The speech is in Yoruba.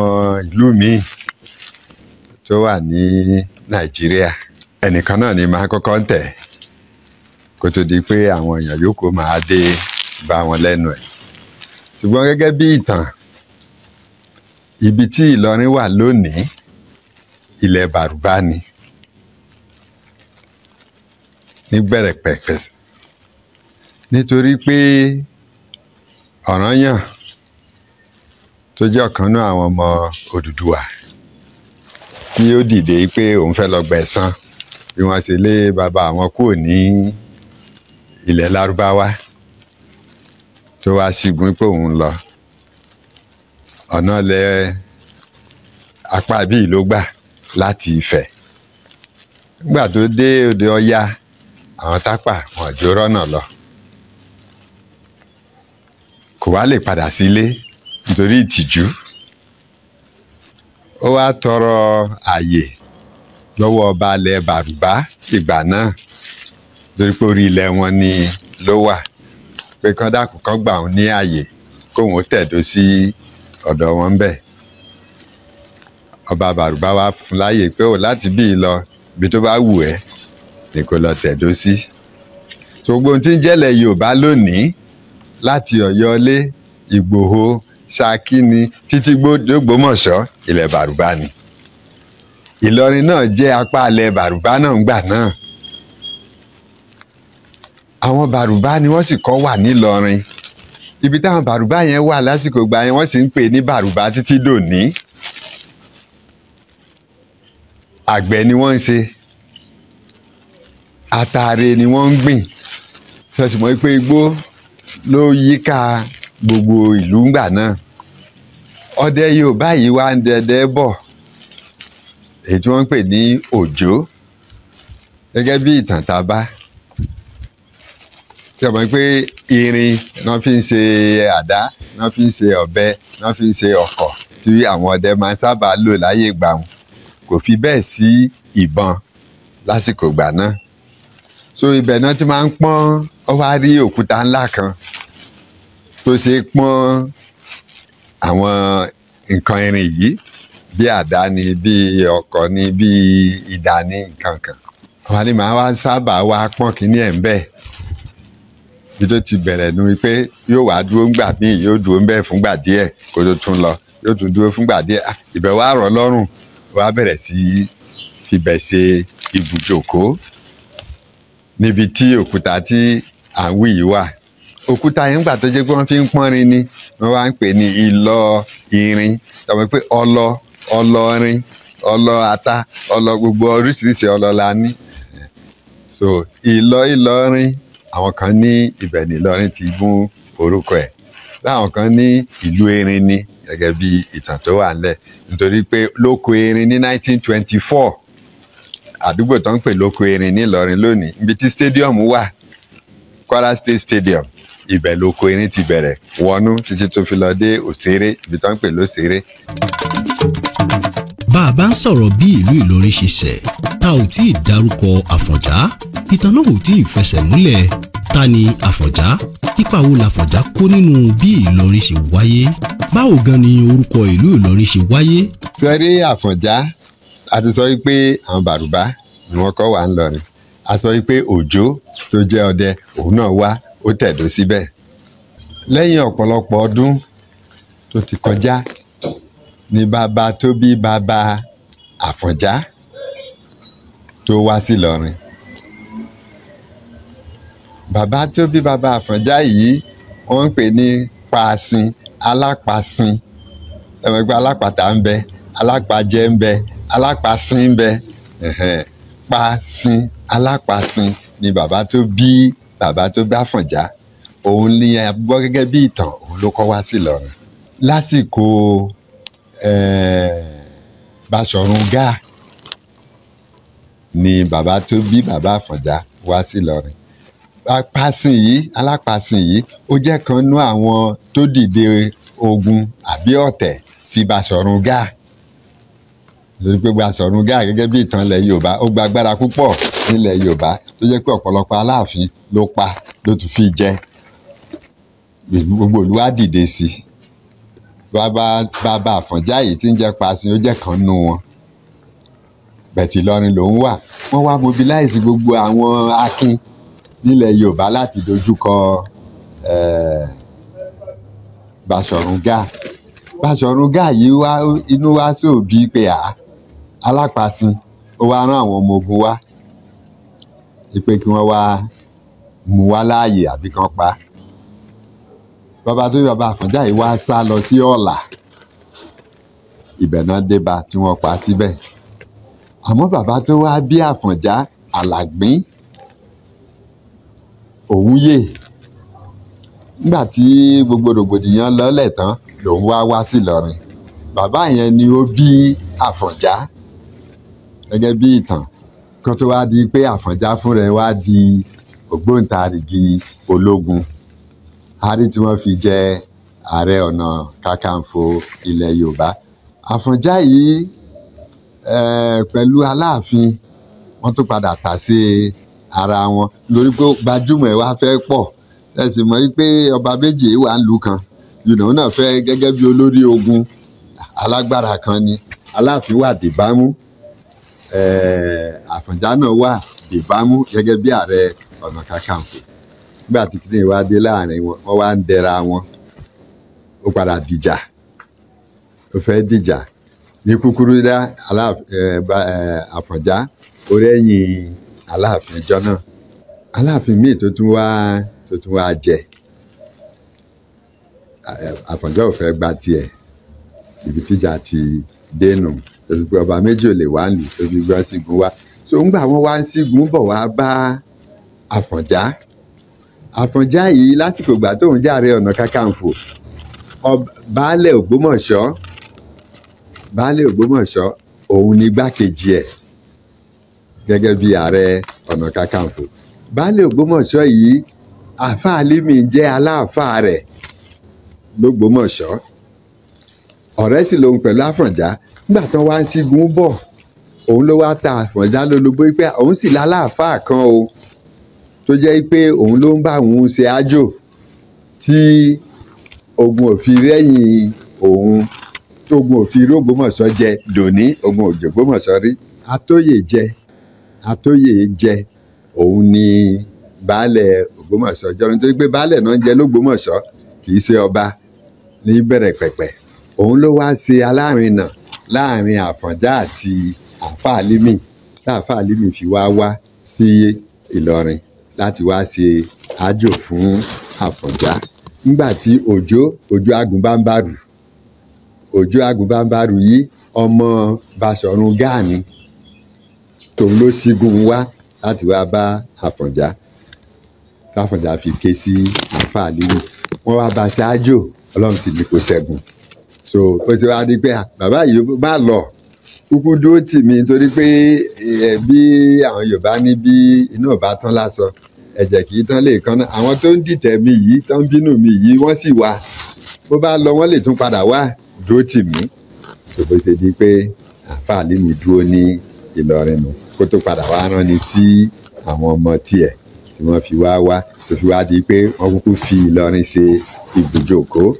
àwọn ìlú míì tó wà ní nàìjíríà ẹnìkan náà ni màá kọ́kọ́ ń tẹ̀ kó tó di pé àwọn èèyàn yòókù máa dé bá wọn lẹ́nu ẹ̀ ṣùgbọ́n gẹ́gẹ́ bí ìtàn ibi tí ìlọrin wà lónìí ilẹ̀ bàrúbá ni ní gbẹ̀rẹ̀pẹ̀pẹ̀ nítorí pé ọ̀ranyàn tó jẹ́ ọ̀kan nú àwọn ọmọ Odùduwà tí ó dìde pé òun fẹ́ lọ gbẹ̀san bí wọ́n ṣe lé bàbá àwọn kúrò ní ilẹ̀ lárúbáwá tó wá sígun pé òun lọ ọ̀nà lẹ apá bíi ló gbà láti Ifẹ̀ nígbà tó dé òde Ọya àwọn tápà wọn jó rọ́nà lọ kò wá lè padà sílé. Si nítorí ìtìjú ó wá tọrọ àyè lọ́wọ́ ọba alẹ́ bàrùbá ìgbà náà torí pé orí ilẹ̀ wọn ni ló wà pé kán dákun kán gbà òun ní àyè kóun ó tẹ̀dó sí ọ̀dọ̀ wọn ń bẹ̀ ọba bàrùbá wa fún láyè pé ò láti bí lọ ibi tó bá wù ẹ́ ni kò lọ tẹ̀dó sí gbogbo ohun tí ń jẹ́lẹ̀ Yorùbá lónìí láti Ọ̀yọ́ Ìgbòho ṣákí ni títí gbódògbòmọ̀ṣọ́ ilẹ̀ bàrùbá ni ìlọrin náà jẹ́ apá alẹ́ bàrùbá náà ńgbà náà àwọn bàrùbá ni wọ́n sì kọ́ wà nílọrin ibi táwọn bàrùbá yẹn wà lásìkò gbà yẹn wọ́n sì ń pè ní bàrùbá títí dòní àgbẹ̀ ni wọ́n ń ṣe àtàrè ni wọ́n ń gbìn sọ̀tìmọ́ pé igbó ló yíká gbogbo ìlú ńgbà náà ọdẹ Yorùbá yìí wá ń dẹdẹ bọ̀ èyí tí wọ́n ń pè ní òjò gẹ́gẹ́ bí ìtàn tí a mọ̀ irin náà fi ń ṣe àdá náà fi ń ṣe ọ̀bẹ náà fi ń ṣe ọ̀kọ̀ tí àwọn ọdẹ máa ń sábà lò láyé ìgbà wọn kò fi bẹ́ẹ̀ sí ìbọn lásìkò ìgbà náà so ibẹ̀ náà ti máa ń pọ́n ọ wá rí òkúta ńlá kan tó ṣe pọ́n àwọn nǹkan irin yìí bí àdá ni bí ọkọ̀ ni bí ìdá ni nǹkan kan àwọn àlè máa wá sábà wá pọ́n kínní ẹ̀ ń bẹ́ẹ̀ bí tó ti bẹ̀rẹ̀ nu wípé yóò wá dúró ńgbà míì yóò dúró ń bẹ́ẹ̀ fúngbà díẹ̀ kó tó tún lọ yóò tún dúró fúngbà díẹ̀ ah, ìbẹ̀ wá rọ̀ lọ́rùn wá bẹ̀rẹ̀ sí fibẹ̀ ṣe ibùjókòó níbi tí òkúta tí à ń wí yìí wà òkúta yẹn gbà tó jẹ́ pé wọ́n fi ń pọ́nrin ni wọ́n wá ń pè ní ìlọ irin tọ́wọ́ pé ọlọ ọlọrin ọlọ ata ọlọ gbogbo oríṣiríṣi ọlọ la ní so ìlọ ìlọrin àwọn kan ní ibẹ̀ ní ìlọrin ti gún orúkọ ẹ̀ láwọn kan ní ìlú erin ni gẹ́gẹ́ bí ìtàn tó wà ńlẹ̀ nítorí pé lóko erin ní 1924 àdúgbò tó ń pè lóko erin ní lónìí ibi tí stadium wà Kwara State Stadium ibẹ̀ lóko erin ti bẹ̀rẹ̀ wọnú títí tó fi lọ dé òṣèré ibi tó ń pè lóṣèré. bá a bá ń sọ̀rọ̀ bí ìlú Ìlọrin ṣe ṣẹ̀ ta ò tí ì dárúkọ Àfọ̀njá ìtàn náà ò tí ì fẹsẹ̀ múlẹ̀ ta ni Àfọ̀njá ipa wo làfọ̀njá kó nínú bí Ìlọrin ṣe wáyé báwo gan ni orúkọ ìlú Ìlọrin ṣe wáyé. sẹ́rí Àfọ̀njá a ti sọ wípé àwọn bàrùbá ni wọ́n kọ́ wà ń lọrin a sọ wípé Òjó tó jẹ́ ọdẹ òun náà wá ó tẹ̀dó síbẹ̀ lẹ́yìn ọ̀pọ̀lọpọ̀ ọdún tó ti kọjá ni bàbá tó bí bàbá Àfọ̀njá tó wá sí Ìlọrin bàbá tó bí bàbá Àfọ̀njá yìí wọ́n ń pè ní paasin alápàsìn ẹ̀wọ̀n ẹgbẹ́ ń bẹ bẹ ń bẹ paasin ni bàbá tó gbá fọ̀njá òun ni a gbọ́ gẹ́gẹ́ bí ìtàn òun ló kọ́ wá sí Ìlọrin lásìkò Baṣọ̀run Gáà ni bàbá tó bí bàbá àfọ̀njá wá sí Ìlọrin apàsìn yìí alápàsìn yìí ó jẹ́ kan nú àwọn tó dìde ogun àbí ọ̀tẹ̀ sí Baṣọ̀run Gáà lórí pé Baṣọ̀run Gáà gẹ́gẹ́ bí ìtàn ilẹ̀ Yorùbá ó gba agbára púpọ̀ nílẹ̀ yorùbá tó jẹ́ pé ọ̀pọ̀lọpọ̀ aláàfin ló pa ló tún fi jẹ gbogbo olúwa dìde sí i bàbá bàbá àfọ̀njá yìí tí ń jẹ́ paṣin ó jẹ́ kan nù wọn bẹ̀tì lọ́rin lòún wà wọ́n wá mobilize gbogbo àwọn akin nílẹ̀ yorùbá láti dojúkọ Bàṣọ̀run Gáà Bàṣọ̀run Gáà yìí wá inú wá sí òbí pé à alápàṣin ó wá rán àwọn ọmọ ogun wá pé kí wọ́n wá mú wá láàyè àbí kan pa bàbá tó bí bàbá Àfọ̀njá yìí wá sá lọ sí ọ̀là ibẹ̀ náà débà tí wọ́n pa síbẹ̀ àmọ́ bàbá tó wá bí Àfọ̀njá Àlàgbín òun yè nígbà tí gbogbo rògbòdìyàn lọ́lẹ̀ tán lòun wá wá sí Ìlọrin bàbá yẹn ni ó bí Àfọ̀njá gẹ́gẹ́ bí ìtàn kan tó wá di pé àfọ̀njá fúnra ẹ̀ wá di ògbóǹtarìgì ológun arí tí wọ́n fi jẹ ààrẹ ọ̀nà kàkàǹfò ilẹ̀ yorùbá àfọ̀njá yìí pẹ̀lú aláàfin wọ́n tún padà tà sí ara wọn lórí pé gbajúmọ̀ ẹ̀ wá fẹ́ pọ̀ ẹ sì mọ̀ pé ọba méjì wà ń lu kan yìnyín náà fẹ́ gẹ́gẹ́ bí olórí ogun alágbára kan ni aláàfin wà dìbámú Eh, àfọ̀njá náà wà dìbámú gẹ́gẹ́ bí ààrẹ ọ̀nà kakanfò nígbà tí kìnìún wá dé láàrin wọn wọ́n wá ń dẹra wọn ó padà dìjà ó fẹ́ dìjà ní kúkúrú dá àfọ̀njá eh, eh, orí ẹ̀yìn aláàfin ìjọ náà aláàfin míì tó tún wá tó tún wá jẹ àfọ̀njá ò fẹ́ gba tiẹ̀ ibi tíjà ti dénú torí pé ọba méjì ò lè wá lù torí pé wọ́n sígun wá so ńgbà wọn wá ń sígun bọ̀ wá bá àfọ̀njá àfọ̀njá yìí lásìkò ìgbà tóun jàre ọ̀nà kakanfò baálẹ̀ ògbómọ̀ṣọ́ baálẹ̀ ògbómọ̀ṣọ́ òun ni igbákejì ẹ̀ gẹ́gẹ́ bí ààrẹ ọ̀nà kakanfò baálẹ̀ ògbómọ̀ṣọ́ yìí àfáà límì jẹ́ aláàfáà rẹ̀ lógbómọ̀ṣọ́ ọ̀rẹ́ sì lòun pẹ̀lú àfọ̀njá nígbà tán wá ń sígun bọ̀ òun ló wá ta àfọ̀njá lólobó pé òun sì láláàfáà kan o tó jẹ́ pé òun ló ń bá òun ṣe ájò tí ogun òfin rẹ́yìn òun tógun òfin rógbómọ̀ṣọ́ jẹ dòní ogun òjògbómọ̀ṣọ́ rí atóyè jẹ atóyè jẹ òun ni baálẹ̀ ògbómọ̀ṣọ́ jọ nítorí pé baálẹ̀ náà ń jẹ lógbómọ̀ṣọ́ kì í ṣe ọba ní bẹ̀rẹ̀ pẹ̀pẹ̀ òun ló wá ṣe alárinà láàrin àfọ̀njá àti àfa àlímì táàfà àlímì fi wá wá sí ìlọrin láti wá ṣe àjò fún àfọ̀njá nígbà tí òjò òjò agùnbánbárù òjò agùnbánbárù yìí ọmọ Baṣọ̀run Gáà ni tòun ló ṣígun wá láti wá bá àfọ̀njá táfọ̀njá fi ké sí àfa àlímì wọ́n wá bá ṣáájò ọlọ́run sì ní kó ṣẹ́gun so pé tí wàá di pé ah, bàbá yìí má lọ kúkú dúró tì mí nítorí pé bí àwọn Yorùbá ní bí inú ò bá tán lásọ ẹ̀jẹ̀ kì í tán lè kan náà àwọn tó ń dìtẹ̀ mi yìí tó ń bínú mi yìí wọ́n sì wá bó bá lọ wọ́n lè tún padà wá dúró tì mí ṣùgbọ́n ṣe di pé àfààní mi dúró ní Ìlọrin nù kó tó padà wá rán ni sí àwọn ọmọ tiẹ̀ tí wọ́n fi wá wá tó fi wá di pé wọ́n kúkú fi Ìlọrin ṣe ibùjókòó.